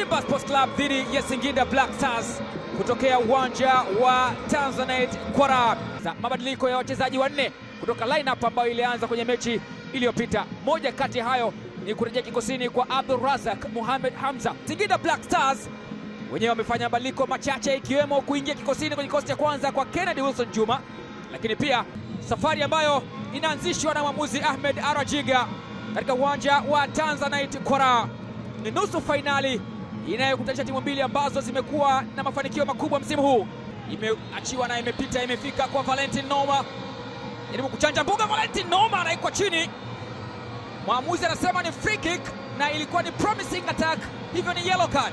Simba Sports Club dhidi ya Singida Black Stars kutokea uwanja wa Tanzanite Kwara. Mabadiliko ya wachezaji wanne kutoka lineup ambayo ilianza kwenye mechi iliyopita. Moja kati hayo ni kurejea kikosini kwa Abdul Razak Muhammad Hamza. Singida Black Stars wenyewe wamefanya mabadiliko machache ikiwemo kuingia kikosini kwenye kikosi cha kwanza kwa Kennedy Wilson Juma, lakini pia safari ambayo inaanzishwa na mwamuzi Ahmed Arajiga katika uwanja wa Tanzanite Kwara Ni nusu fainali inayokutanisha timu mbili ambazo zimekuwa na mafanikio makubwa msimu huu. Imeachiwa na imepita imefika kwa Valentin Noma, jaribu kuchanja mbuga. Valentin Noma anaikwa chini, mwamuzi anasema ni free kick na ilikuwa ni promising attack, hivyo ni yellow card.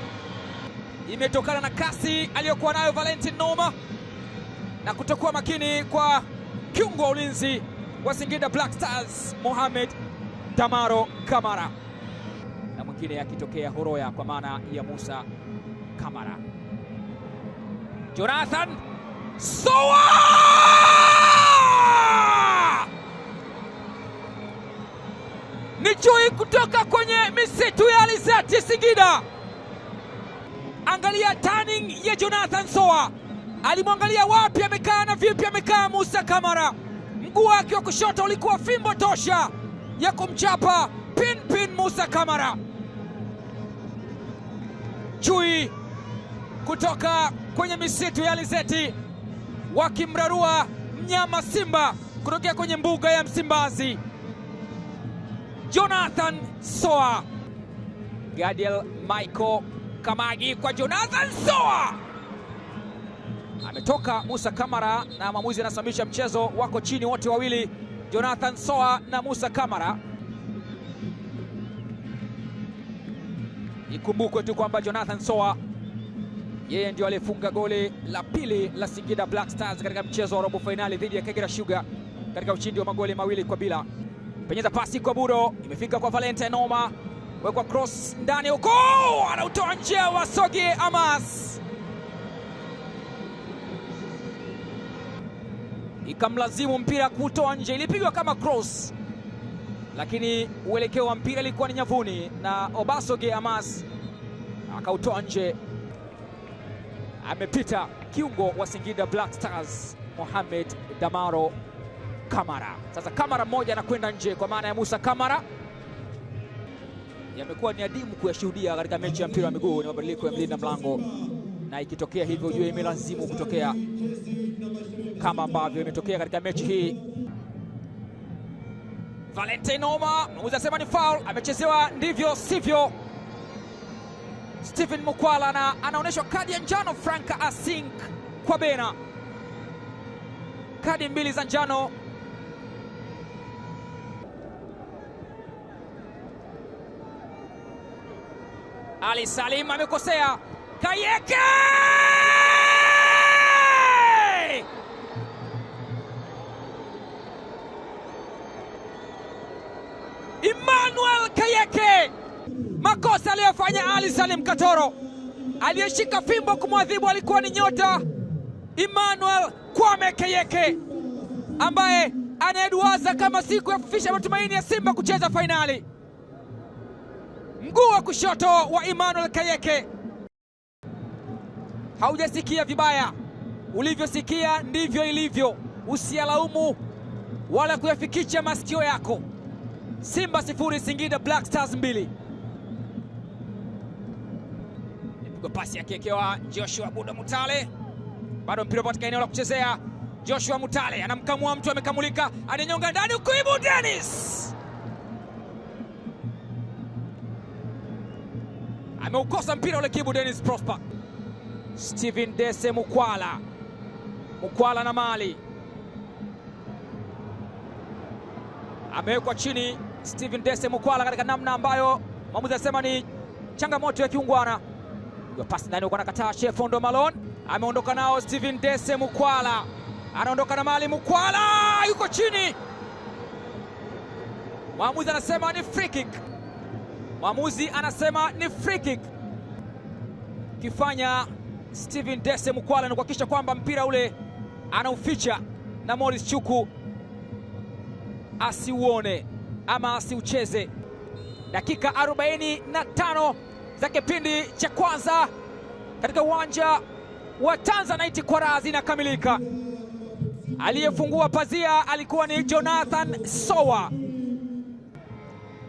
Imetokana na kasi aliyokuwa nayo Valentin Noma na kutokuwa makini kwa kiungo wa ulinzi wa Singida Black Stars Mohamed Damaro Kamara kile akitokea Horoya kwa maana ya Musa Kamara. Jonathan Soa ni chui kutoka kwenye misitu ya alizati Singida. Angalia turning ya Jonathan Soa, alimwangalia wapi amekaa na vipi amekaa Musa Kamara. Mguu wake wa kushoto ulikuwa fimbo tosha ya kumchapa pinpin Musa Kamara chui kutoka kwenye misitu ya Alizeti, wakimrarua mnyama simba kutokea kwenye mbuga ya Msimbazi. Jonathan Soa, Gadiel Michael Kamagi kwa Jonathan Soa, ametoka Musa Kamara na mwamuzi anasimamisha mchezo. Wako chini wote wawili, Jonathan Soa na Musa Kamara. Ikumbukwe tu kwamba Jonathan Soa yeye ndio alifunga goli la pili la Singida Black Stars katika mchezo wa robo fainali dhidi ya Kagera Sugar katika ushindi wa magoli mawili kwa bila. Penyeza pasi kwa Budo, imefika kwa Valente Noma, wekwa cross ndani huko, anautoa nje wa Sogi Amas, ikamlazimu mpira kutoa nje, ilipigwa kama cross lakini uelekeo wa mpira ilikuwa ni nyavuni na Obasoge Amas akautoa nje. Amepita kiungo wa Singida Black Stars Mohamed Damaro Kamara. Sasa Kamara mmoja anakwenda nje kwa maana ya Musa Kamara. Yamekuwa ni adimu kuyashuhudia katika mechi ya mpira wa miguu, ni mabadiliko ya mlinda mlango, na ikitokea hivyo ujue imelazimu kutokea kama ambavyo imetokea katika mechi hii valentin Oma mwamuzi asema ni foul, amechezewa ndivyo sivyo. Stephen Mukwala na anaonyeshwa kadi ya njano Franka Asink kwa bena, kadi mbili za njano. Ali Salim amekosea, Kayeke kumfanya Ali Salim Katoro. Aliyeshika fimbo kumwadhibu alikuwa ni nyota Emmanuel Kwame Keyeke ambaye anayeduaza kama siku ya kufisha matumaini ya Simba kucheza fainali. Mguu wa kushoto wa Emmanuel Keyeke haujasikia vibaya, ulivyosikia ndivyo ilivyo. Usialaumu wala kuyafikisha masikio yako. Simba sifuri, Singida Black Stars mbili. Pigwa pasi akiekewa Joshua Buda Mutale, bado mpira katika eneo la kuchezea. Joshua Mutale anamkamua mtu, amekamulika, ananyonga ndani, ukuibu Dennis ameukosa mpira ule, kibu Dennis Prosper. Steven Dese Mukwala, Mukwala na mali amewekwa chini. Steven Dese Mukwala katika namna ambayo mwamuzi anasema ni changamoto ya kiungwana. Pigwa pasi ndani huko anakataa Shea Malon. Ameondoka nao Steven Dese Mukwala. Anaondoka na Mali Mukwala yuko chini. Mwamuzi anasema ni free kick. Mwamuzi anasema ni free kick. Kifanya Steven Dese Mukwala ni kuhakikisha kwamba mpira ule anauficha na Morris Chuku asiuone ama asiucheze. Dakika 45 za kipindi cha kwanza katika uwanja wa Tanzanite Kwarazi inakamilika. Aliyefungua pazia alikuwa ni Jonathan Sowa,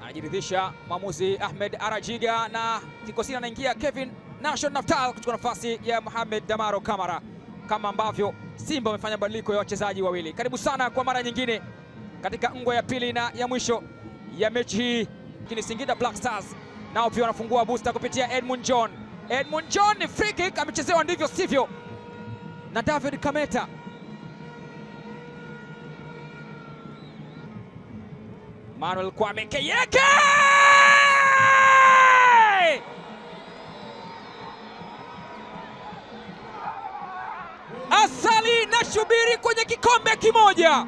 anajiridhisha mwamuzi Ahmed Arajiga, na kikosini anaingia Kevin Nashon Naftal kuchukua nafasi ya Mohamed Damaro Kamara, kama ambavyo Simba wamefanya mabadiliko ya wachezaji wawili. Karibu sana kwa mara nyingine katika ngwe ya pili na ya mwisho ya mechi hii, lakini Singida Black Stars nao pia wanafungua booster kupitia Edmund John. Edmund John ni free kick, amechezewa ndivyo sivyo na David Kameta. Manuel Kwame Keyeke asali na shubiri kwenye kikombe kimoja.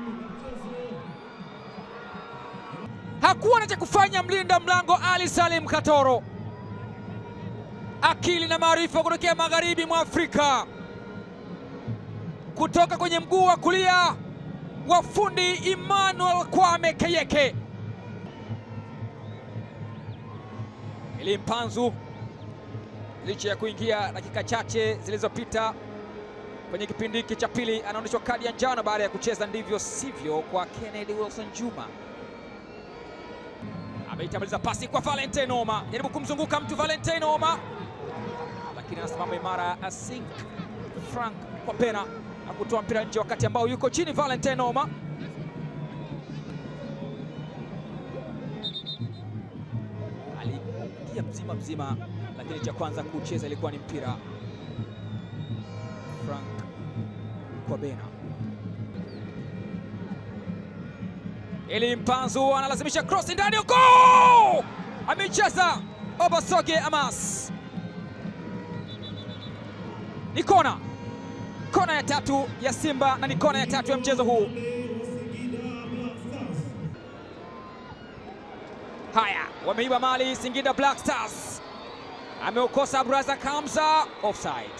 Hakuwa na cha kufanya mlinda mlango Ali Salim Katoro, akili na maarifa kutokea magharibi mwa Afrika, kutoka kwenye mguu wa kulia wa fundi Emmanuel Kwame Kayeke. Eli Mpanzu, licha ya kuingia dakika chache zilizopita kwenye kipindi hiki cha pili, anaonyeshwa kadi ya njano baada ya kucheza ndivyo sivyo kwa Kennedy Wilson Juma ameitamaliza pasi kwa Valentine Oma, jaribu kumzunguka mtu Valentine Oma, lakini anasimama imara. Asink Frank kwa pena na kutoa mpira nje wakati ambao yuko chini Valentine Oma. Aliingia mzima mzima, lakini cha kwanza kucheza ilikuwa ni mpira Frank kwa pena. ili Mpanzu analazimisha cross ndani huko, amecheza Obasoge Amas, ni kona, kona ya tatu ya Simba na ni kona ya tatu ya mchezo huu. Haya, wameiba mali Singida Black Stars, ameukosa Abraza Kamza, offside.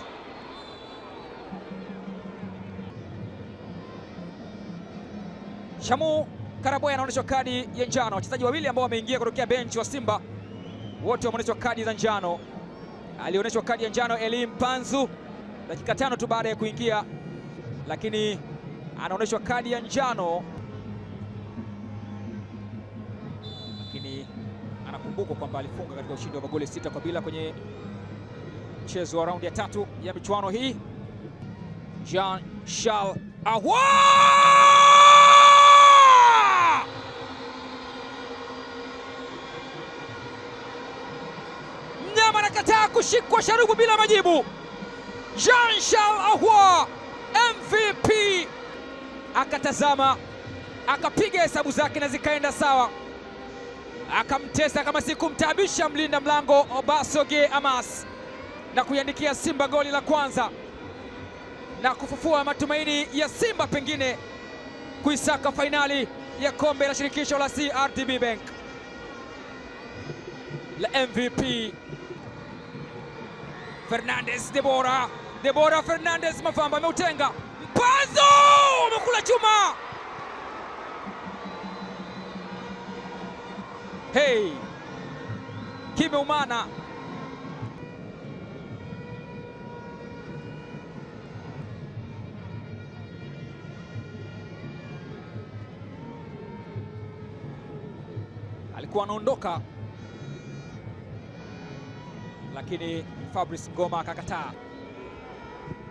Shamu Karaboya anaonyeshwa kadi ya njano. Wachezaji wawili ambao wameingia kutokea benchi wa Simba wote wameonyeshwa kadi za njano. Alionyeshwa kadi ya njano elim panzu dakika tano tu baada ya kuingia, lakini anaonyeshwa kadi ya njano, lakini anakumbukwa kwamba alifunga katika ushindi wa magoli sita kwa bila kwenye mchezo wa raundi ya tatu ya michuano hii. Jean Charles Ahoua kushikwa sharubu bila majibu. Jean Charles Ahoua MVP akatazama, akapiga hesabu zake na zikaenda sawa, akamtesa kama si kumtaabisha mlinda mlango Obasoge Amas na kuiandikia Simba goli la kwanza na kufufua matumaini ya Simba pengine kuisaka fainali ya kombe la shirikisho la CRDB Bank la MVP. Fernandez Debora, Debora Fernandez, mafamba ameutenga mpanzo, amekula chuma. Hey, kimeumana alikuwa anaondoka lakini Fabrice Ngoma akakataa.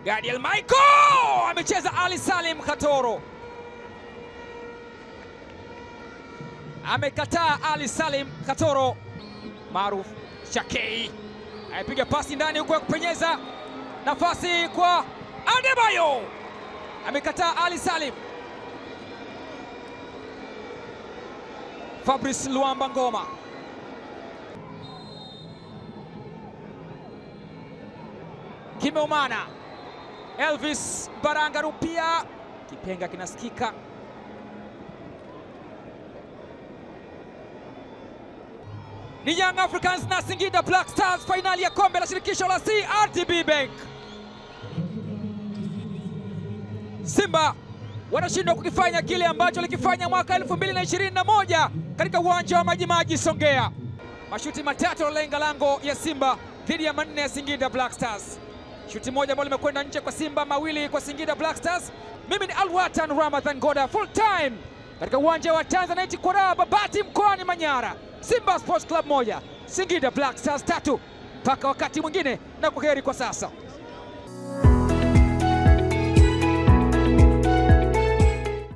Gadiel Michael amecheza Ali Salim Katoro amekataa. Ali Salim Katoro maarufu Shakei aipiga pasi ndani huko ya kupenyeza nafasi kwa Adebayo, amekataa Ali Salim. Fabrice Luamba Ngoma kimeumana. Elvis Baranga Rupia, kipenga kinasikika. Ni Young Africans na Singida Black Stars, fainali ya kombe la shirikisho la CRDB Bank. Simba wanashindwa kukifanya kile ambacho likifanya mwaka 2021 katika uwanja wa Majimaji Songea. Mashuti matatu lenga lango ya Simba dhidi ya manne ya Singida Black Stars. Shuti moja ambalo limekwenda nje kwa Simba, mawili kwa Singida Black Stars. Mimi ni Alwatan Ramadhan Goda, full time katika uwanja wa Tanzanite Kwaraa Babati mkoani Manyara. Simba Sports Club moja, Singida Black Stars tatu. Mpaka wakati mwingine na kwaheri kwa sasa.